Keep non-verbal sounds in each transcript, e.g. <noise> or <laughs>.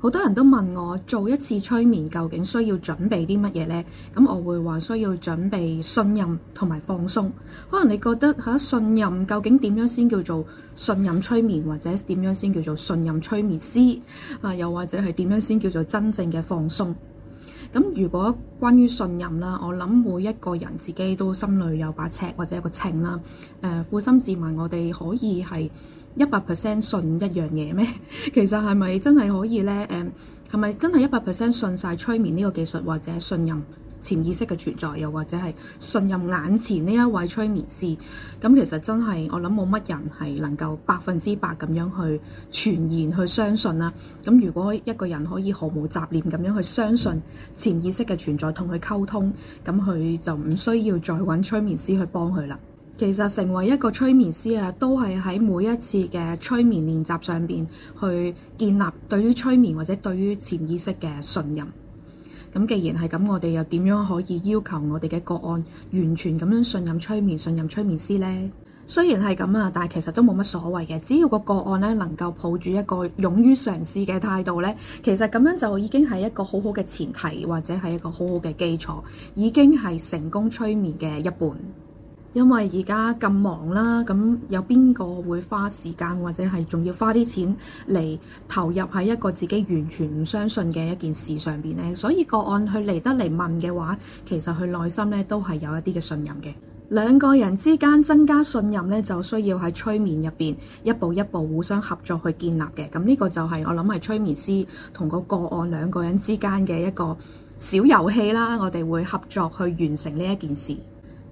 好多人都問我做一次催眠究竟需要準備啲乜嘢呢？咁我會話需要準備信任同埋放鬆。可能你覺得嚇、啊、信任究竟點樣先叫做信任催眠，或者點樣先叫做信任催眠師啊？又或者係點樣先叫做真正嘅放鬆？咁如果關於信任啦，我諗每一個人自己都心裏有把尺或者一個秤啦。誒、呃，捫心自問，我哋可以係一百 percent 信一樣嘢咩？其實係咪真係可以咧？誒、呃，係咪真係一百 percent 信晒催眠呢個技術或者信任？潛意識嘅存在，又或者係信任眼前呢一位催眠師，咁其實真係我諗冇乜人係能夠百分之百咁樣去傳言去相信啦、啊。咁如果一個人可以毫無雜念咁樣去相信潛意識嘅存在，同佢溝通，咁佢就唔需要再揾催眠師去幫佢啦。其實成為一個催眠師啊，都係喺每一次嘅催眠練習上邊去建立對於催眠或者對於潛意識嘅信任。咁既然係咁，我哋又點樣可以要求我哋嘅個案完全咁樣信任催眠、信任催眠師咧？雖然係咁啊，但係其實都冇乜所謂嘅，只要個個案咧能夠抱住一個勇於嘗試嘅態度咧，其實咁樣就已經係一個好好嘅前提，或者係一個好好嘅基礎，已經係成功催眠嘅一半。因為而家咁忙啦，咁有邊個會花時間或者係仲要花啲錢嚟投入喺一個自己完全唔相信嘅一件事上邊呢？所以個案佢嚟得嚟問嘅話，其實佢內心呢都係有一啲嘅信任嘅。兩個人之間增加信任呢，就需要喺催眠入邊一步一步互相合作去建立嘅。咁呢個就係、是、我諗係催眠師同個個案兩個人之間嘅一個小遊戲啦。我哋會合作去完成呢一件事。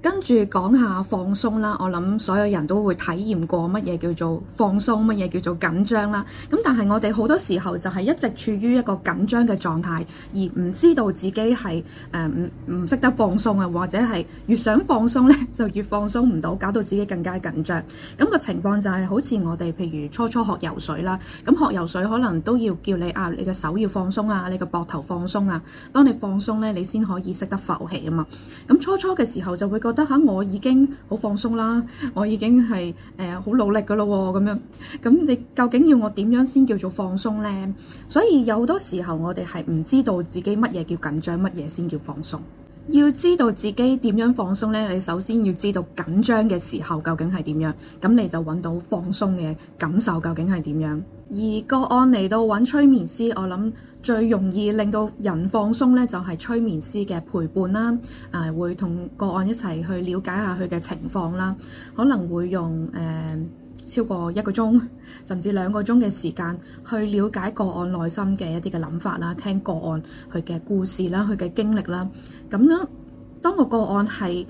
跟住講下放鬆啦，我諗所有人都會體驗過乜嘢叫做放鬆，乜嘢叫做緊張啦。咁但係我哋好多時候就係一直處於一個緊張嘅狀態，而唔知道自己係誒唔唔識得放鬆啊，或者係越想放鬆咧就越放鬆唔到，搞到自己更加緊張。咁個情況就係好似我哋譬如初初學游水啦，咁學游水可能都要叫你啊你嘅手要放鬆啊，你嘅膊頭放鬆啊。當你放鬆咧，你先可以識得浮起啊嘛。咁初初嘅時候就會。覺得吓，我已經好放鬆啦，我已經係誒好努力㗎喇喎，咁樣，咁你究竟要我點樣先叫做放鬆咧？所以有好多時候，我哋係唔知道自己乜嘢叫緊張，乜嘢先叫放鬆。要知道自己點樣放鬆呢？你首先要知道緊張嘅時候究竟係點樣，咁你就揾到放鬆嘅感受究竟係點樣。而個案嚟到揾催眠師，我諗最容易令到人放鬆呢，就係、是、催眠師嘅陪伴啦。誒、呃，會同個案一齊去了解下佢嘅情況啦，可能會用誒。呃超過一個鐘，甚至兩個鐘嘅時間，去了解個案內心嘅一啲嘅諗法啦，聽個案佢嘅故事啦，佢嘅經歷啦。咁樣，當個個案係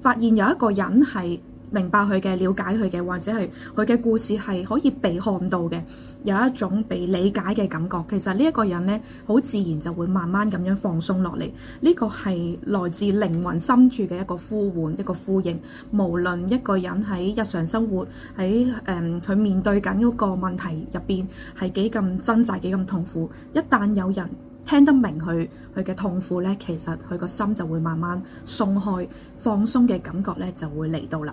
發現有一個人係明白佢嘅，了解佢嘅，或者係佢嘅故事係可以被看到嘅，有一種被理解嘅感覺。其實呢一個人咧，好自然就會慢慢咁樣放鬆落嚟。呢個係來自靈魂深處嘅一個呼喚，一個呼應。無論一個人喺日常生活喺誒佢面對緊嗰個問題入邊，係幾咁掙扎，幾咁痛苦，一旦有人聽得明佢佢嘅痛苦咧，其實佢個心就會慢慢鬆開，放鬆嘅感覺咧就會嚟到啦。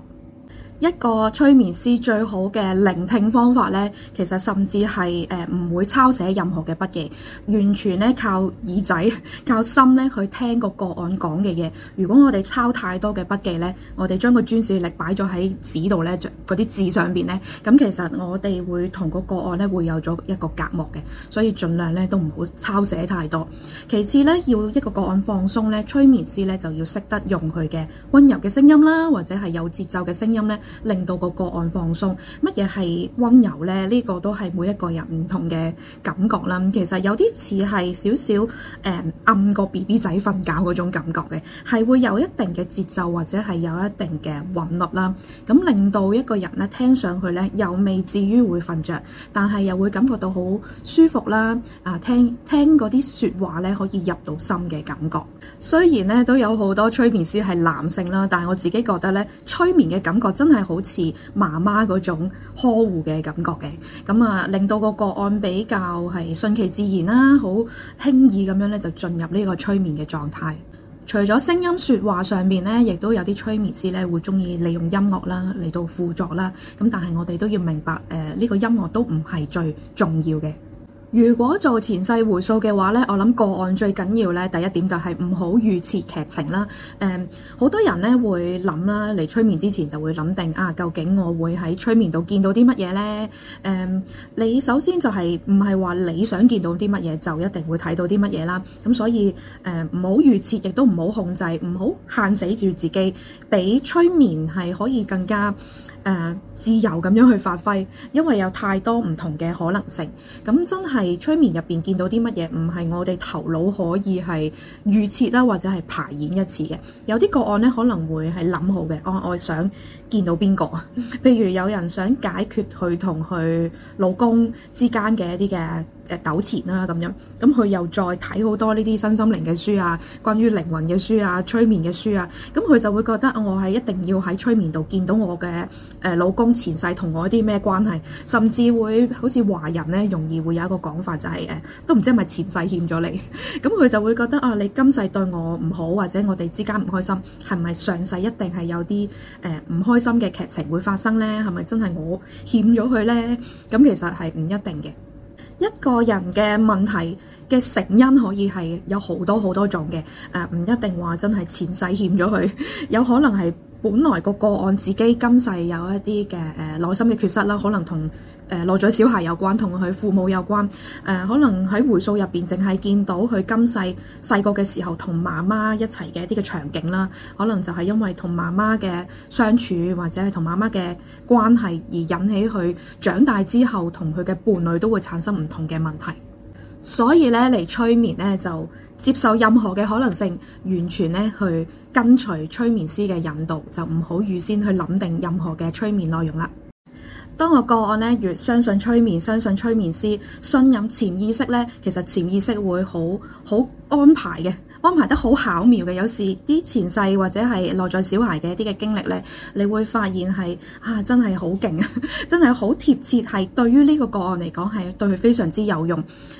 一個催眠師最好嘅聆聽方法呢，其實甚至係誒唔會抄寫任何嘅筆記，完全呢靠耳仔、靠心呢去聽個個案講嘅嘢。如果我哋抄太多嘅筆記呢，我哋將個專注力擺咗喺紙度呢，嗰啲字上面呢。咁其實我哋會同個個案呢會有咗一個隔膜嘅，所以儘量呢都唔好抄寫太多。其次呢，要一個個案放鬆呢，催眠師呢就要識得用佢嘅温柔嘅聲音啦，或者係有節奏嘅聲音呢。令到個個案放鬆，乜嘢係温柔呢？呢、呢個都係每一個人唔同嘅感覺啦。其實有啲似係少少誒暗個 BB 仔瞓覺嗰種感覺嘅，係會有一定嘅節奏或者係有一定嘅韻律啦。咁、嗯、令到一個人呢聽上去呢，又未至於會瞓着，但係又會感覺到好舒服啦。啊，聽聽嗰啲説話呢，可以入到心嘅感覺。雖然呢，都有好多催眠師係男性啦，但係我自己覺得呢，催眠嘅感覺真係～好似媽媽嗰種呵護嘅感覺嘅，咁啊令到個個案比較係順其自然啦，啊，好輕易咁樣咧就進入呢個催眠嘅狀態。除咗聲音說話上面咧，亦都有啲催眠師咧會中意利用音樂啦，嚟到輔助啦。咁但係我哋都要明白，誒、呃、呢、呢個音樂都唔係最重要嘅。如果做前世回溯嘅話呢，我諗個案最緊要呢，第一點就係唔好預設劇情啦。誒、嗯，好多人呢會諗啦，嚟催眠之前就會諗定啊，究竟我會喺催眠度見到啲乜嘢呢？誒、嗯，你首先就係唔係話你想見到啲乜嘢就一定會睇到啲乜嘢啦？咁、嗯、所以誒，唔好預設，亦都唔好控制，唔好限死住自己，畀催眠係可以更加，Uh, 自由咁樣去發揮，因為有太多唔同嘅可能性。咁真係催眠入面見到啲乜嘢，唔係我哋頭腦可以係預設啦，或者係排演一次嘅。有啲個案呢，可能會係諗好嘅，啊，我我想見到邊個啊？譬如有人想解決佢同佢老公之間嘅一啲嘅誒糾纏啦，咁樣咁佢又再睇好多呢啲身心靈嘅書啊，關於靈魂嘅書啊、催眠嘅書啊，咁佢就會覺得我係一定要喺催眠度見到我嘅誒老公前世同我啲咩關係，甚至會好似華人呢，容易會有一個講法就係、是、誒，都唔知係咪前世欠咗你，咁佢就會覺得哦、啊，你今世對我唔好，或者我哋之間唔開心，係咪上世一定係有啲誒唔開心？開心嘅劇情會發生呢？係咪真係我欠咗佢呢？咁其實係唔一定嘅。一個人嘅問題嘅成因可以係有好多好多種嘅，誒、呃、唔一定話真係前世欠咗佢， <laughs> 有可能係本來個個案自己今世有一啲嘅誒內心嘅缺失啦，可能同誒、呃、落咗小孩有關，同佢父母有關，誒、呃、可能喺回溯入邊，淨係見到佢今世細個嘅時候同媽媽一齊嘅一啲嘅場景啦，可能就係因為同媽媽嘅相處，或者係同媽媽嘅關係而引起佢長大之後同佢嘅伴侶都會產生唔同嘅問題。所以咧嚟催眠咧，就接受任何嘅可能性，完全咧去跟隨催眠師嘅引導，就唔好預先去諗定任何嘅催眠內容啦。當我個案呢，越相信催眠，相信催眠師，信任潛意識咧，其實潛意識會好好安排嘅。安排得好巧妙嘅，有時啲前世或者係內在小孩嘅一啲嘅經歷咧，你會發現係啊，真係好勁啊，真係好貼切，係對於呢個個案嚟講，係對佢非常之有用。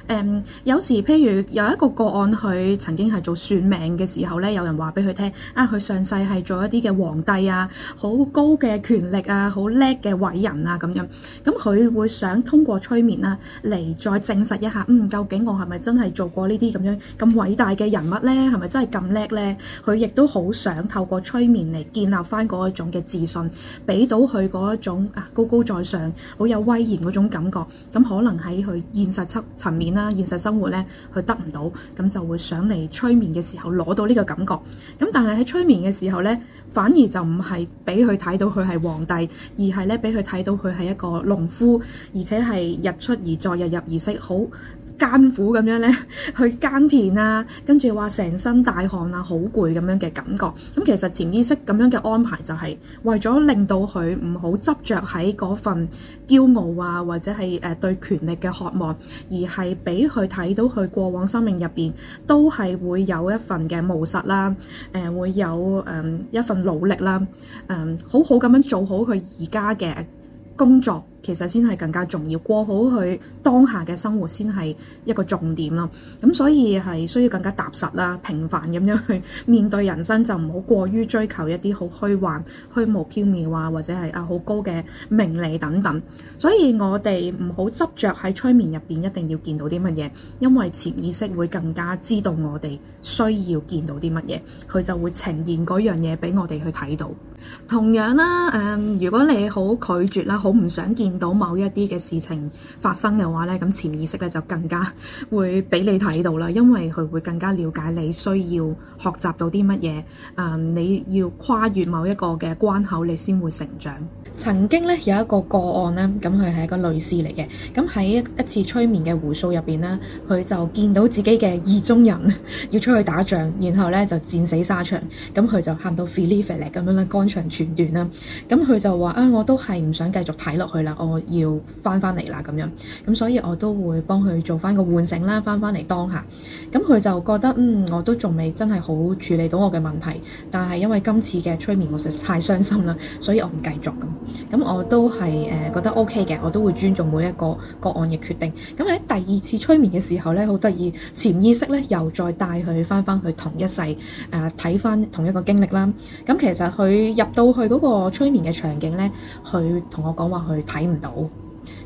誒，um，有時譬如有一個個案，佢曾經係做算命嘅時候咧，有人話俾佢聽啊，佢上世係做一啲嘅皇帝啊，好高嘅權力啊，好叻嘅偉人啊咁樣，咁佢會想通過催眠啊嚟再證實一下，嗯，究竟我係咪真係做過呢啲咁樣咁偉大嘅人物咧？咧，係咪真係咁叻呢？佢亦都好想透過催眠嚟建立翻嗰一種嘅自信，俾到佢嗰一種啊高高在上、好有威嚴嗰種感覺。咁可能喺佢現實層層面啦、現實生活呢，佢得唔到，咁就會想嚟催眠嘅時候攞到呢個感覺。咁但係喺催眠嘅時候呢，反而就唔係俾佢睇到佢係皇帝，而係咧俾佢睇到佢係一個農夫，而且係日出而作，日入而息，好艱苦咁樣咧去耕田啊，跟住話成身大汗啊，好攰咁樣嘅感覺，咁、嗯、其實潛意識咁樣嘅安排就係、是、為咗令到佢唔好執着喺份驕傲啊，或者係誒、呃、對權力嘅渴望，而係俾佢睇到佢過往生命入邊都係會有一份嘅務實啦，誒、呃、會有誒一份。努力啦，嗯，好好咁樣做好佢而家嘅工作。其實先係更加重要，過好佢當下嘅生活先係一個重點咯。咁所以係需要更加踏實啦、平凡咁樣去面對人生，就唔好過於追求一啲好虛幻、虛無縹緲啊，或者係啊好高嘅名利等等。所以我哋唔好執着喺催眠入邊一定要見到啲乜嘢，因為潛意識會更加知道我哋需要見到啲乜嘢，佢就會呈現嗰樣嘢俾我哋去睇到。同樣啦，誒，如果你好拒絕啦，好唔想見到某一啲嘅事情發生嘅話咧，咁潛意識咧就更加會俾你睇到啦，因為佢會更加了解你需要學習到啲乜嘢，誒，你要跨越某一個嘅關口，你先會成長。曾經咧有一個個案咧，咁佢係一個女士嚟嘅，咁喺一次催眠嘅弧數入邊咧，佢就見到自己嘅意中人 <laughs> 要出去打仗，然後咧就戰死沙場，咁佢就喊到 feel it feel it 咁樣咧，肝腸寸斷啦，咁佢就話啊，我都係唔想繼續睇落去啦，我要翻翻嚟啦咁樣，咁所以我都會幫佢做翻個喚醒啦，翻翻嚟當下，咁佢就覺得，嗯，我都仲未真係好處理到我嘅問題，但係因為今次嘅催眠我實在太傷心啦，所以我唔繼續咁。咁我都係誒覺得 OK 嘅，我都會尊重每一個個案嘅決定。咁喺第二次催眠嘅時候呢，好得意，潛意識呢又再帶佢返返去同一世誒睇返同一個經歷啦。咁其實佢入到去嗰個催眠嘅場景呢，佢同我講話佢睇唔到。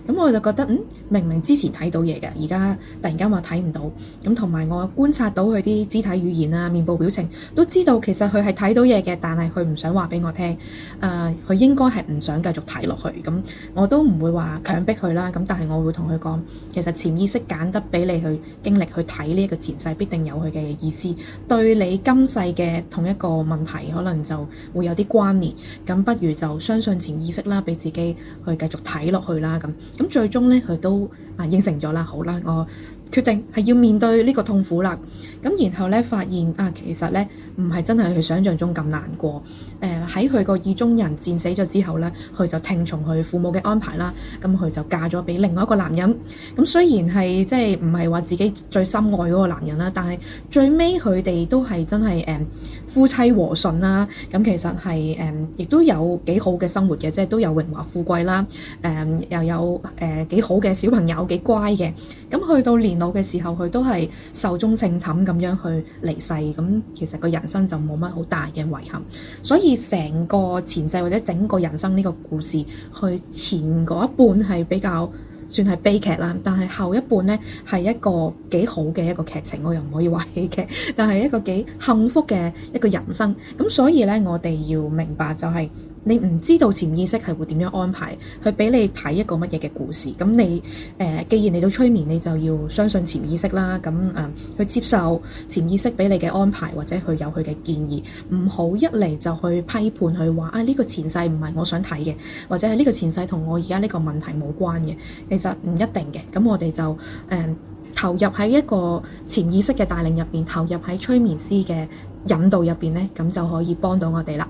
咁我就覺得，嗯，明明之前睇到嘢嘅，而家突然間話睇唔到，咁同埋我觀察到佢啲肢體語言啊、面部表情，都知道其實佢係睇到嘢嘅，但係佢唔想話俾我聽，誒、呃，佢應該係唔想繼續睇落去。咁、嗯、我都唔會話強迫佢啦，咁、嗯、但係我會同佢講，其實潛意識揀得俾你去經歷去睇呢一個前世，必定有佢嘅意思，對你今世嘅同一個問題可能就會有啲關聯，咁、嗯、不如就相信潛意識啦，俾自己去繼續睇落去啦，咁、嗯。咁最終咧，佢都啊應承咗啦。好啦，我決定係要面對呢個痛苦啦。咁然後咧，發現啊，其實咧唔係真係佢想象中咁難過。誒、呃，喺佢個意中人戰死咗之後咧，佢就聽從佢父母嘅安排啦。咁、啊、佢就嫁咗俾另外一個男人。咁、啊、雖然係即係唔係話自己最深愛嗰個男人啦，但係最尾佢哋都係真係誒。嗯夫妻和順啦，咁其實係誒，亦、嗯、都有幾好嘅生活嘅，即係都有榮華富貴啦，誒、嗯、又有誒幾、呃、好嘅小朋友，幾乖嘅。咁、嗯、去到年老嘅時候，佢都係壽終正寢咁樣去離世，咁、嗯、其實個人生就冇乜好大嘅遺憾。所以成個前世或者整個人生呢個故事，佢前嗰一半係比較算係悲劇啦，但係後一半呢係一個幾好嘅一個劇情，我又唔可以話喜劇，但係一個幾幸福嘅一個人生，咁所以呢，我哋要明白就係、是。你唔知道潛意識係會點樣安排，去畀你睇一個乜嘢嘅故事。咁你誒、呃，既然你都催眠，你就要相信潛意識啦。咁誒、呃，去接受潛意識畀你嘅安排，或者佢有佢嘅建議。唔好一嚟就去批判佢話啊，呢、這個前世唔係我想睇嘅，或者係呢個前世同我而家呢個問題冇關嘅。其實唔一定嘅。咁我哋就誒投入喺一個潛意識嘅帶領入邊，投入喺催眠師嘅引導入邊咧，咁就可以幫到我哋啦。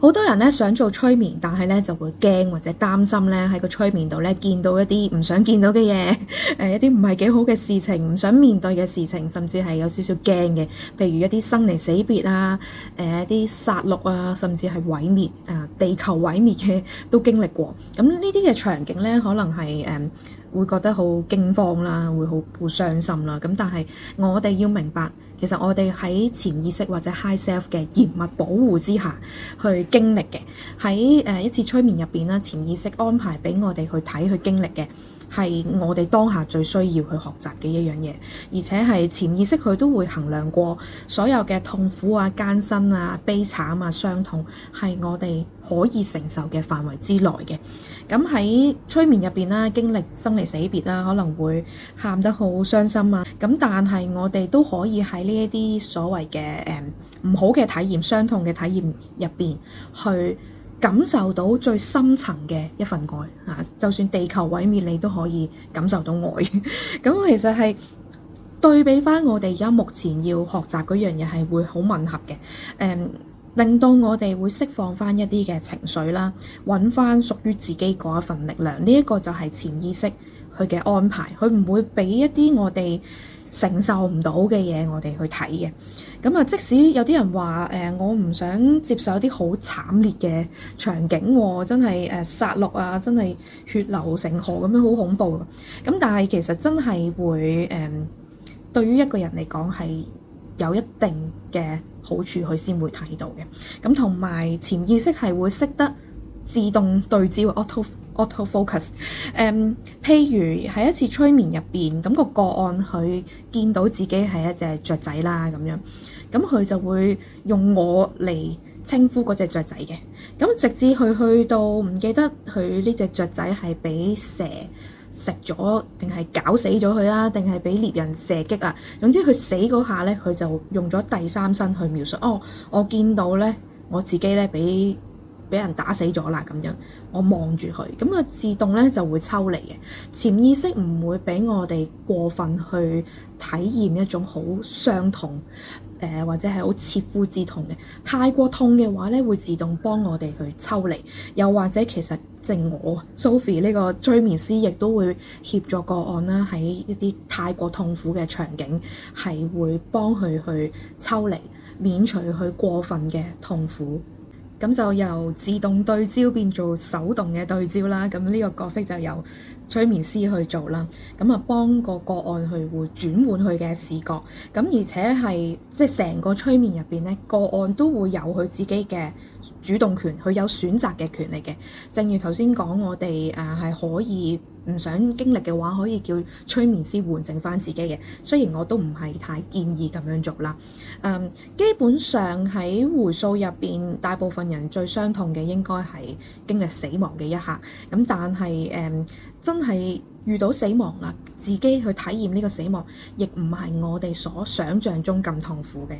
好多人咧，想做催眠，但係咧就會驚或者擔心咧，喺個催眠度咧，見到一啲唔想見到嘅嘢，誒 <laughs> 一啲唔係幾好嘅事情，唔想面對嘅事情，甚至係有少少驚嘅，譬如一啲生離死別啊，誒、呃、一啲殺戮啊，甚至係毀滅啊，地球毀滅嘅都經歷過。咁呢啲嘅場景咧，可能係誒、嗯、會覺得好驚慌啦，會好好傷心啦。咁但係我哋要明白。其實我哋喺潛意識或者 High Self 嘅嚴密保護之下去經歷嘅，喺誒一次催眠入邊咧，潛意識安排俾我哋去睇去經歷嘅，係我哋當下最需要去學習嘅一樣嘢，而且係潛意識佢都會衡量過所有嘅痛苦啊、艱辛啊、悲慘啊、傷痛係我哋可以承受嘅範圍之內嘅。咁喺催眠入邊咧，經歷生離死別啦，可能會喊得好傷心啊。咁但係我哋都可以喺呢一啲所謂嘅誒唔好嘅體驗、傷痛嘅體驗入邊，去感受到最深層嘅一份愛啊！就算地球毀滅，你都可以感受到愛。咁、 <laughs> 嗯、其實係對比翻我哋而家目前要學習嗰樣嘢，係會好吻合嘅。誒、嗯，令到我哋會釋放翻一啲嘅情緒啦，揾翻屬於自己嗰一份力量。呢、這、一個就係潛意識佢嘅安排，佢唔會俾一啲我哋承受唔到嘅嘢，我哋去睇嘅。咁啊，即使有啲人話，誒、呃，我唔想接受一啲好慘烈嘅場景，真係誒殺戮啊，真係、呃、血流成河咁樣，好恐怖。咁但係其實真係會誒、呃、對於一個人嚟講，係有一定嘅好處，佢先會睇到嘅。咁同埋潛意識係會識得自動對焦，optimize。Auto focus，um, 譬如喺一次催眠入邊，咁個個案佢見到自己係一隻雀仔啦，咁樣，咁佢就會用我嚟稱呼嗰隻雀仔嘅，咁直至佢去到唔記得佢呢隻雀仔係俾蛇食咗，定係搞死咗佢啊，定係俾獵人射擊啊，總之佢死嗰下呢，佢就用咗第三身去描述，哦，我見到呢，我自己呢，俾。俾人打死咗啦，咁樣我望住佢，咁佢自動咧就會抽離嘅。潛意識唔會俾我哋過分去體驗一種好傷痛，誒、呃、或者係好切膚之痛嘅。太過痛嘅話咧，會自動幫我哋去抽離。又或者其實正我 Sophy 呢個催眠師亦都會協助個案啦，喺一啲太過痛苦嘅場景，係會幫佢去抽離，免除佢過分嘅痛苦。咁就由自動對焦變做手動嘅對焦啦，咁呢個角色就由催眠師去做啦，咁啊幫個個案去會轉換佢嘅視覺，咁而且係即係成個催眠入邊咧，個案都會有佢自己嘅主動權，佢有選擇嘅權利嘅。正如頭先講，我哋誒係可以唔想經歷嘅話，可以叫催眠師喚醒翻自己嘅。雖然我都唔係太建議咁樣做啦。嗯，基本上喺回溯入邊，大部分人最傷痛嘅應該係經歷死亡嘅一刻。咁但係誒。嗯真係遇到死亡啦，自己去體驗呢個死亡，亦唔係我哋所想像中咁痛苦嘅。